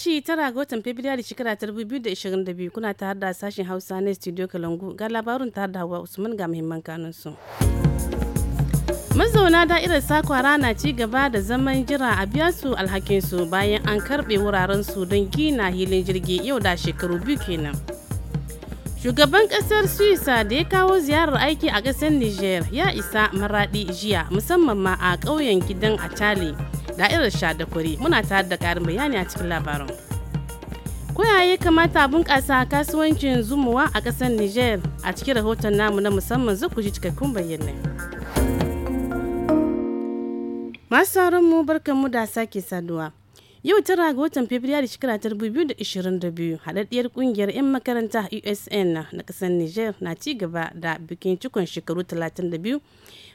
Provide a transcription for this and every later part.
shi tara ga watan Fabrairu shekara ta biyu kuna tare da sashen Hausa na Studio Kalangu ga labarin tare da Hawa Usman ga muhimman kanun su. Mazauna irin sakwara na ci gaba da zaman jira a biya su alhakin su bayan an karbe wuraren su don gina hilin jirgi yau da shekaru biyu kenan. Shugaban kasar Suisa da ya kawo ziyarar aiki a kasar Niger ya isa maradi jiya musamman ma a ƙauyen gidan Atali. da'irar kuri muna tare da karin bayani a cikin labarin koyaye kamata bunƙasa kasuwancin zumuwa a ƙasar niger a cikin rahoton namu na musamman zuku ji cikakkun bayanai masu mu barkanmu da sake saduwa yau tara ga watan fabrairu shekara ta 2022 haɗaɗɗiyar ƙungiyar 'yan makaranta usn na ƙasar niger na ci gaba da bikin cikon shekaru 32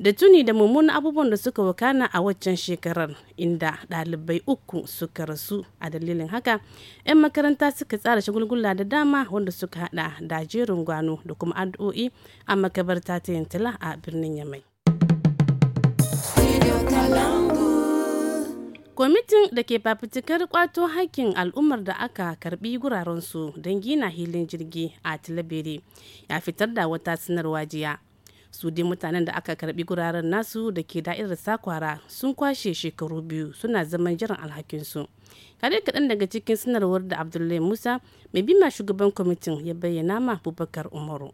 da tuni da mummunan abubuwan da suka wakana a waccan shekarar inda dalibai uku suka rasu a dalilin haka 'yan makaranta suka tsara shagulgula da dama wanda suka hada da jerin gwano da kuma addu'o'i a makabarta ta yantila a birnin yamai kwamitin da ke fafutukar kwato hakkin al'ummar da aka karbi su don gina hilin jirgi a tilabere ya fitar da wata sanarwa jiya su dai mutanen da aka karbi guraren nasu da ke da'irar sakwara sun kwashe shekaru biyu suna zaman jiran alhakinsu kare kaɗan daga cikin sanarwar da abdullahi musa mai bima shugaban kwamitin ya bayyana ma abubakar umaru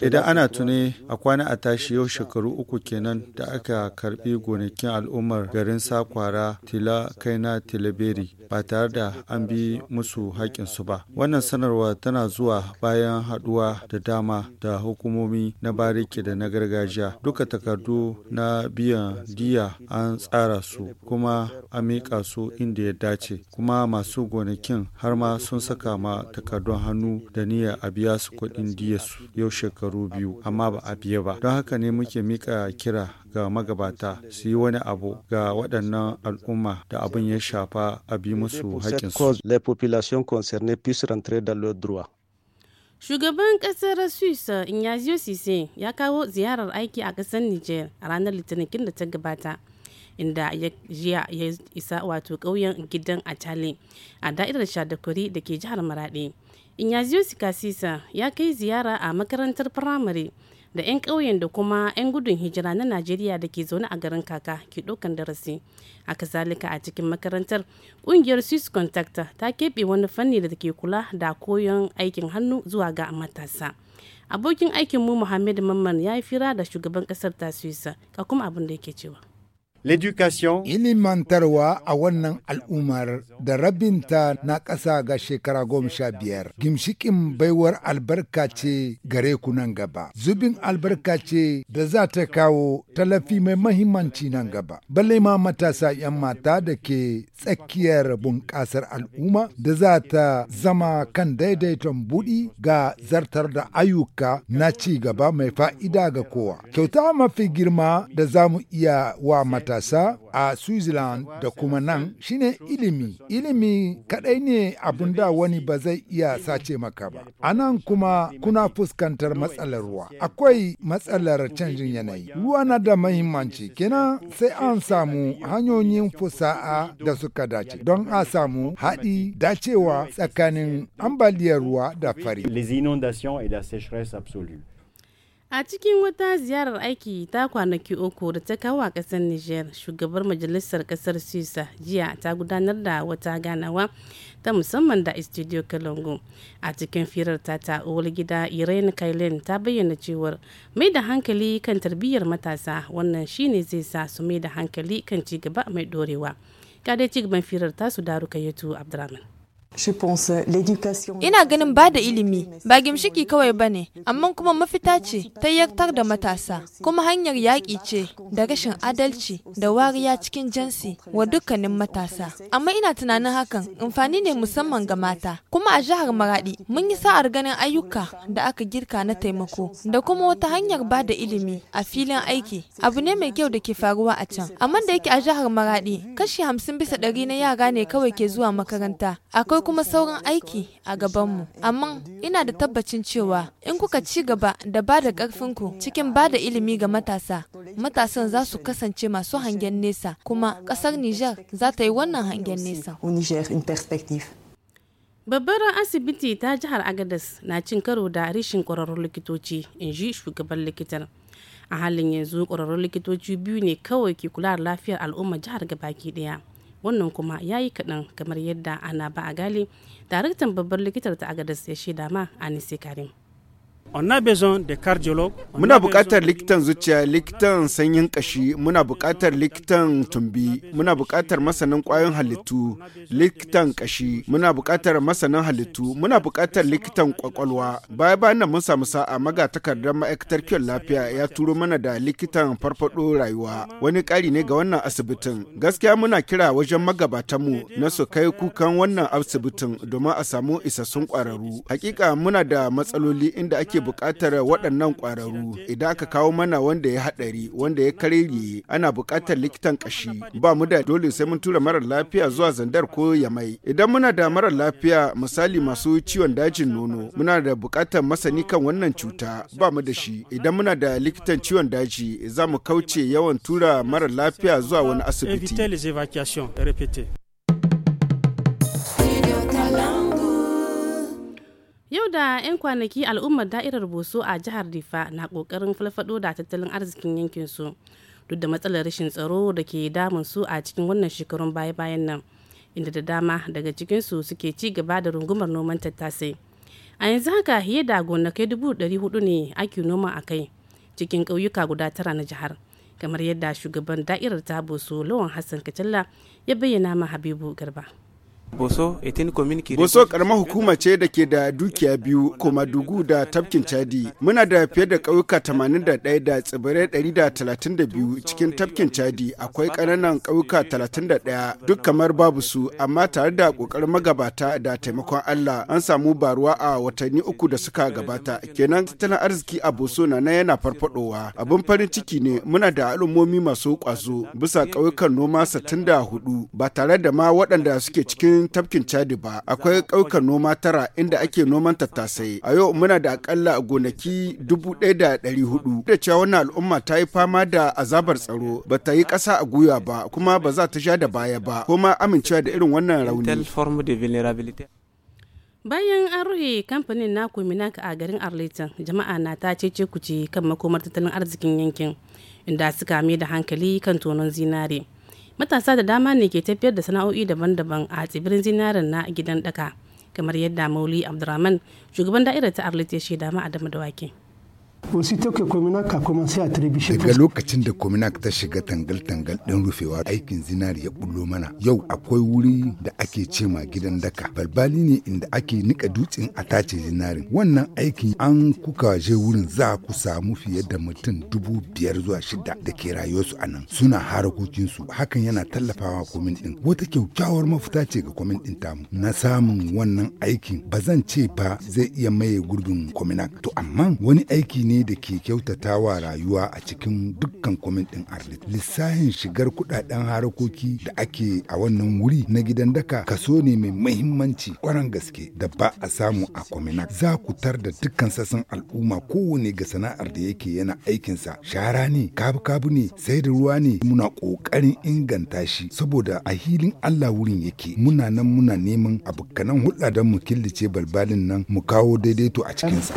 Idan ana tuni a kwana a tashi yau shekaru uku kenan da aka karbi gonakin al'ummar garin Sakwara Tila Kaina Tilaberi ba tare da an bi musu haƙƙinsu ba. Wannan sanarwa tana zuwa bayan haɗuwa da dama da hukumomi na bariki da na gargajiya. Duka takardu na biyan diya an tsara su kuma a miƙa su inda ya dace. Kuma masu gonakin har ma sun saka ma takardun hannu da niyyar a biya su kuɗin diyarsu. yau shekaru biyu amma ba a biye ba don haka ne muke mika kira ga magabata su yi wani abu ga waɗannan al'umma da abin ya shafa a bi musu haƙƙinsu. Shugaban kasar Swiss Inyaziyo Sise ya kawo ziyarar aiki a ƙasar Niger a ranar Litinin da ta gabata. inda ya jiya ya isa wato ƙauyen gidan atale a da'irar shadakuri da ke jihar maraɗi Inyaziosi Kasisa ya kai ziyara a makarantar firamare da 'yan ƙauyen da kuma 'yan gudun hijira na Najeriya da ke zaune a garin kaka ke ɗaukan darasi. A kasalika a cikin makarantar ƙungiyar Swiss Contact ta keɓe wani fanni da ke kula da koyon aikin hannu zuwa ga matasa. Abokin aikinmu Muhammad Mamman ya yi fira da shugaban ƙasar ta Swiss ka kuma abin da yake cewa. l'éducation ilimantarwa a wannan al'ummar da rabinta na ƙasa ga shekara goma sha biyar gimshikin baiwar albarka ce gare ku nan gaba zubin albarka ce da za ta kawo talafi mai mahimmanci nan gaba balle ma matasa 'yan mata da ke tsakiyar bunƙasar al'umma da za ta zama kan daidaiton buɗi ga zartar da ayyuka na ci gaba mai fa'ida ga kowa kyauta mafi girma da za mu iya wa mata. matasa a Switzerland da kuma nan shine ilimi. Ilimi kaɗai ne abin da wani ba zai iya sace maka ba. A nan kuma kuna fuskantar matsalar ruwa. Akwai matsalar canjin yanayi. Ruwa na da mahimmanci kenan sai an samu hanyoyin fusa'a da suka dace don a samu haɗi dacewa tsakanin ambaliyar ruwa da fari. A cikin wata ziyarar aiki ta kwanaki uku da ta kawo a ƙasar niger shugabar majalisar kasar Suisa jiya ta gudanar da wata ganawa ta musamman da Studio Kalongo. A cikin firar ta ta uwar gida Irene kailin ta bayyana cewar mai da hankali kan tarbiyyar matasa wannan shine zai sa su mai da hankali kan cigaba mai dorewa. Ga dai ci gaban firar su daru Rukayyatu abdulrahman. Ina ganin ba da ilimi ba gimshiki kawai ba ne, amma kuma mafita ce ta yartar da matasa, kuma hanyar yaƙi ce da rashin adalci da wariya cikin jinsi wa dukkanin matasa. Amma ina tunanin hakan amfani ne musamman ga mata, kuma a jihar Maradi mun yi sa'ar ganin ayyuka da aka girka na taimako da kuma wata hanyar ba da ilimi a filin aiki abu ne mai kyau da ke faruwa a can. Amma da yake a jihar Maradi kashi hamsin bisa ɗari na yara ne kawai ke zuwa makaranta. Akwai kuma sauran aiki a gabanmu, amma ina da tabbacin cewa in kuka ci gaba da ba da ƙarfinku cikin ba da ilimi ga matasa, matasan za su kasance masu hangen nesa kuma ƙasar Nijar za ta yi wannan hangen nesa. Babbar asibiti ta jihar Agadas na cin karo da rishin ƙwararrun likitoci, in ji shugaban likitar. A halin yanzu ƙwararrun likitoci biyu ne kawai ke kula da lafiyar al'ummar jihar gabaki ɗaya. wannan kuma ya yi kaɗan kamar yadda ana ba a gali daraktan babbar likitar ta agadas ya shaida ma anise karim Muna buƙatar likitan zuciya, likitan sanyin ƙashi, muna buƙatar likitan tumbi, muna buƙatar masanin ƙwayon halittu, likitan ƙashi, muna buƙatar masanin halittu, muna buƙatar likitan ƙwaƙwalwa. Baya bayan nan mun samu sa'a maga takardar ma'aikatar kiwon lafiya ya turo mana da likitan farfaɗo rayuwa. Wani ƙari ne ga wannan asibitin. Gaskiya muna kira wajen magabatanmu na su kai kukan wannan asibitin domin a samu isassun ƙwararru. Hakika muna da matsaloli inda ake bukatar waɗannan ƙwararru idan aka kawo mana wanda ya haɗari wanda ya karye ana bukatar likitan ƙashi ba mu da dole sai mun tura marar lafiya zuwa zandar ko mai idan muna da marar lafiya misali masu ciwon dajin nono muna da bukatar masani kan wannan cuta ba mu da shi idan muna da likitan ciwon daji za mu kauce yawan tura marar lafiya zuwa wani asibiti Yau da 'yan kwanaki al'ummar da'irar Boso a jihar Rifa na kokarin falfado da tattalin arzikin yankin su. duk da matsalar rashin tsaro da ke damun su a cikin wannan shekarun baya-bayan nan inda da dama daga cikinsu suke ci gaba da rungumar noman tattasai. A yanzu haka fiye da gonakai dubu ɗari hudu ne ake noma a kai cikin ƙauyuka guda tara na jihar kamar yadda shugaban da'irar ta Boso Lawan Hassan Kacalla ya bayyana ma Habibu Garba. Boso Boso karamar hukuma ce da ke da dukiya biyu kuma dugu da tafkin Chadi. Muna da fiye da ƙauyuka 81 da tsibirai 132 cikin tafkin Chadi akwai ƙananan ƙauyuka 31 duk kamar babu su amma tare da ƙoƙarin magabata da taimakon Allah an samu baruwa a watanni uku da suka gabata kenan tattalin arziki a Boso na na yana farfadowa. Abin farin ciki ne muna da al'ummomi masu kwazo bisa ƙauyukan noma 64 ba tare da ma waɗanda suke cikin cikin tafkin Chadi ba akwai ƙaukar noma tara inda ake noman tattasai. A yau muna da akalla gonaki dubu ɗaya da ɗari hudu. Da cewa wannan al'umma ta yi fama da azabar tsaro ba ta yi ƙasa a gwiwa ba kuma ba za ta sha da baya ba ko ma amincewa da irin wannan rauni. bayan an rufe kamfanin na kominak a garin arlington jama'a na ta cece kuce kan makomar tattalin arzikin yankin inda suka mai da hankali kan tonon zinare matasa da dama ne ke tafiyar da sana'o'i daban-daban a tsibirin zinarin na gidan daka kamar yadda mauli abdurrahman shugaban da'irar ta arlit ya shaida ma dama da wake Daga lokacin da Kominak ta shiga tangal-tangal ɗin rufewa aikin zinari ya bullo mana yau akwai wuri da ake cema gidan daka. Balbali ne inda ake nika dutsen a tace zinarin. Wannan aikin an kuka je wurin za ku samu fiye da mutum dubu biyar zuwa shida da ke rayuwarsu a nan suna harakokinsu hakan yana tallafawa komin ɗin. Wata kyaukyawar mafita ce ga komin ɗin tamu. Na samun wannan aikin ba zan ce ba zai iya maye gurbin Kominak. To amma wani aiki ne da ke kyautatawa rayuwa a cikin dukkan kwamin ɗin Arlit. Lissahin shigar kudaden harakoki da ake a wannan wuri na gidan daka kaso ne mai muhimmanci kwaran gaske da ba a samu a kwaminak. Za ku tar da dukkan sassan al'umma kowane ga sana'ar da yake yana aikinsa. Shara ne, kabu-kabu ne, sai da ruwa ne muna ƙoƙarin inganta shi saboda a hilin Allah wurin yake muna nan muna neman abukanan hulɗa don mu killace balbalin nan mu kawo daidaito a cikinsa.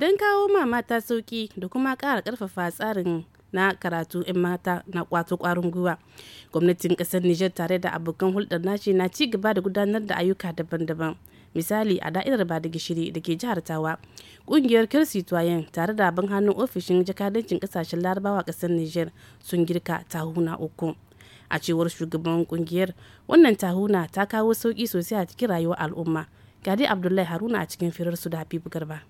don kawo ma mata sauki da kuma ƙara ƙarfafa tsarin na karatu 'yan mata na kwato kwarin gwiwa gwamnatin kasar niger tare da abokan hulɗar nashi na ci gaba da gudanar da ayyuka daban-daban misali a da'irar ba da gishiri da ke jihar tawa ƙungiyar kirsitwayen tare da ban hannun ofishin jakadancin kasashen larabawa ƙasar niger sun girka tahuna uku a cewar shugaban ƙungiyar wannan tahuna ta kawo sauƙi sosai a cikin rayuwar al'umma gadi abdullahi haruna a cikin firar su da habibu garba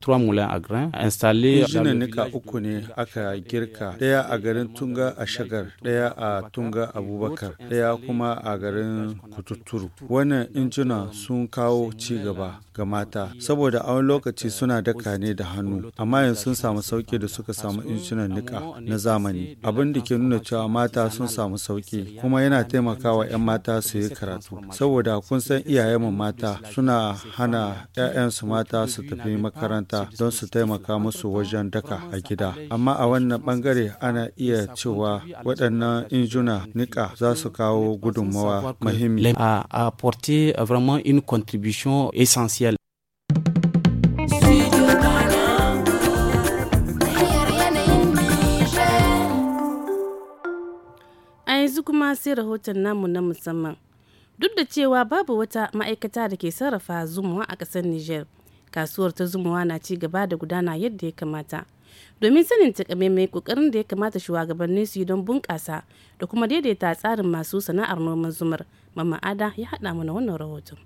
3 moulins à grain installés. Injinan nika uku ne aka girka ɗaya a garin Tunga a Shagar, ɗaya a Tunga Abubakar, ɗaya kuma a garin Kututturu. Wannan injina sun kawo ci gaba ga mata saboda a wani lokaci suna daka ne da hannu amma yanzu sun samu sauki da suka samu injinan nika na zamani abin da ke nuna cewa mata sun samu sauki kuma yana taimakawa 'yan mata su yi karatu saboda kun san iyayen mata suna hana 'ya'yansu mata su tafi makaranta makaranta don su taimaka musu wajen daka a gida amma a wannan bangare ana iya cewa waɗannan injuna nika za su kawo gudunmawa muhimmi a vraiment une contribution essentielle a yanzu kuma sai rahoton namu na musamman duk da cewa babu wata ma'aikata da ke sarrafa zumuwa a ƙasar niger kasuwar ta zumawa na ci gaba da gudana yadda ya kamata domin sanin takamaimai kokarin da ya kamata shugabanni su yi don bunƙasa da kuma daidaita tsarin masu sana'ar noman zumar mama ada ya haɗa mana wannan rahoton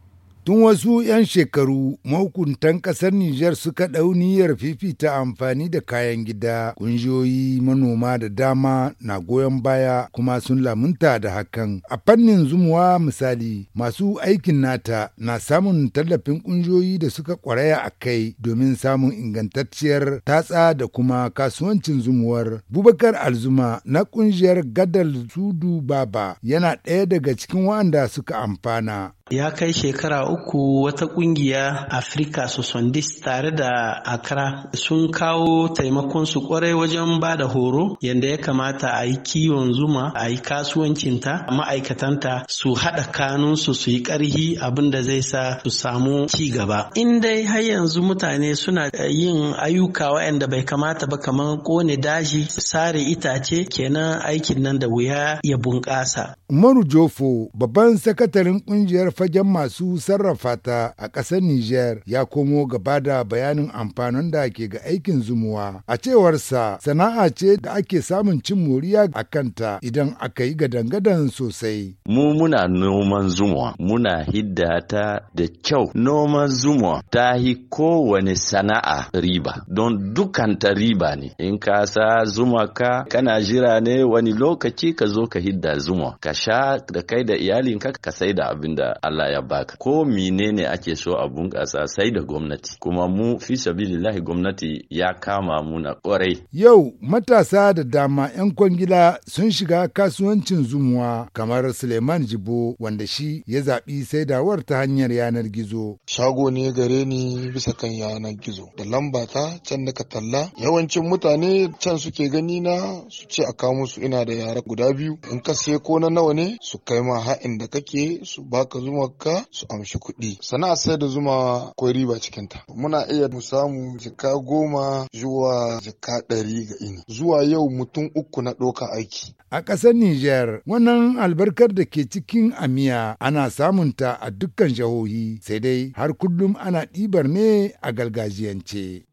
Tun wasu 'yan shekaru mahukuntan ƙasar Nijar suka ɗau niyyar fifita amfani da kayan gida, ƙungiyoyi manoma da dama na goyon baya kuma sun lamunta da hakan. A fannin zumuwa misali, masu aikin nata na samun tallafin ƙungiyoyi da suka ƙwaraya a kai domin samun ingantacciyar tatsa da kuma kasuwancin zumuwar. Bubakar Alzuma na ƙungiyar Gadal Sudu Baba yana ɗaya daga cikin waɗanda suka amfana. ya kai shekara uku wata kungiya Africa Sosondis tare da Accra sun kawo taimakon su kwarai wajen ba da horo yadda ya kamata a yi kiwon zuma a yi kasuwancinta ma'aikatanta su haɗa kanunsu su yi ƙarhi abin da zai sa su samu ci gaba. In dai har yanzu mutane suna yin ayyuka waɗanda bai kamata ba kamar kone daji sare itace kenan aikin nan da wuya ya bunƙasa. Manu Jofo babban sakataren ƙungiyar fagen masu sarrafa ta a ƙasar Nijar ya komo gaba da bayanin amfanin da ke ga aikin zumuwa. A cewarsa sana'a ce da ake samun cin moriya a kanta idan aka yi gadan-gadan sosai. Mu muna noman zumuwa, muna hidda ta da kyau. Noman zumuwa ta yi kowane sana'a riba, don dukanta riba ne. In ka sa zuma ka kana jira ne wani lokaci ka zo ka hidda zuma ka sha da kai da iyalinka ka sai da abin da Allah ya baka ko menene ake so a bunƙasa sai da gwamnati kuma mu fi sabilillahi gwamnati ya kama mu na ƙwarai yau matasa da dama 'yan kwangila sun shiga kasuwancin zumuwa kamar Suleiman Jibo wanda shi ya zaɓi saidawar ta hanyar yanar gizo shago ne gare ni bisa kan yanar gizo da lamba ta can naka talla yawancin mutane can suke gani na su ce a kawo musu ina da yara guda biyu in ka sai ko na nawa ne su kai ma ha'in da kake su baka zuma ka su amshi kuɗi sana'a sai da zuma akwai riba cikinta. muna iya mu samu jika goma zuwa jika ɗari ga ini zuwa yau mutum uku na ɗoka aiki a ƙasar Nijar wannan albarkar da ke cikin amiya ana samunta a dukkan jihohi sai dai har kullum ana ɗibar ne a gargajiyance.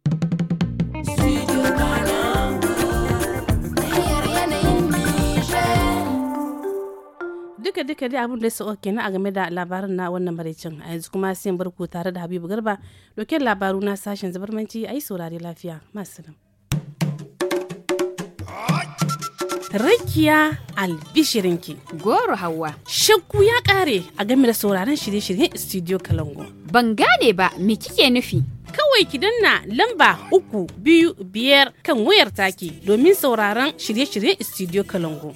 duka duka dai abin da ya kenan a game da labarin na wannan maraicin a yanzu kuma sai barku tare da habibu garba dokin labaru na sashen zabarmanci a yi saurare lafiya masu Rakiya albishirinki. Goro Hauwa. Shakku ya kare a game da sauraron shirye-shiryen Studio Kalango. Ban gane ba me kike nufi? Kawai ki danna lamba uku biyu biyar kan wayar take domin sauraron shirye-shiryen Studio Kalango.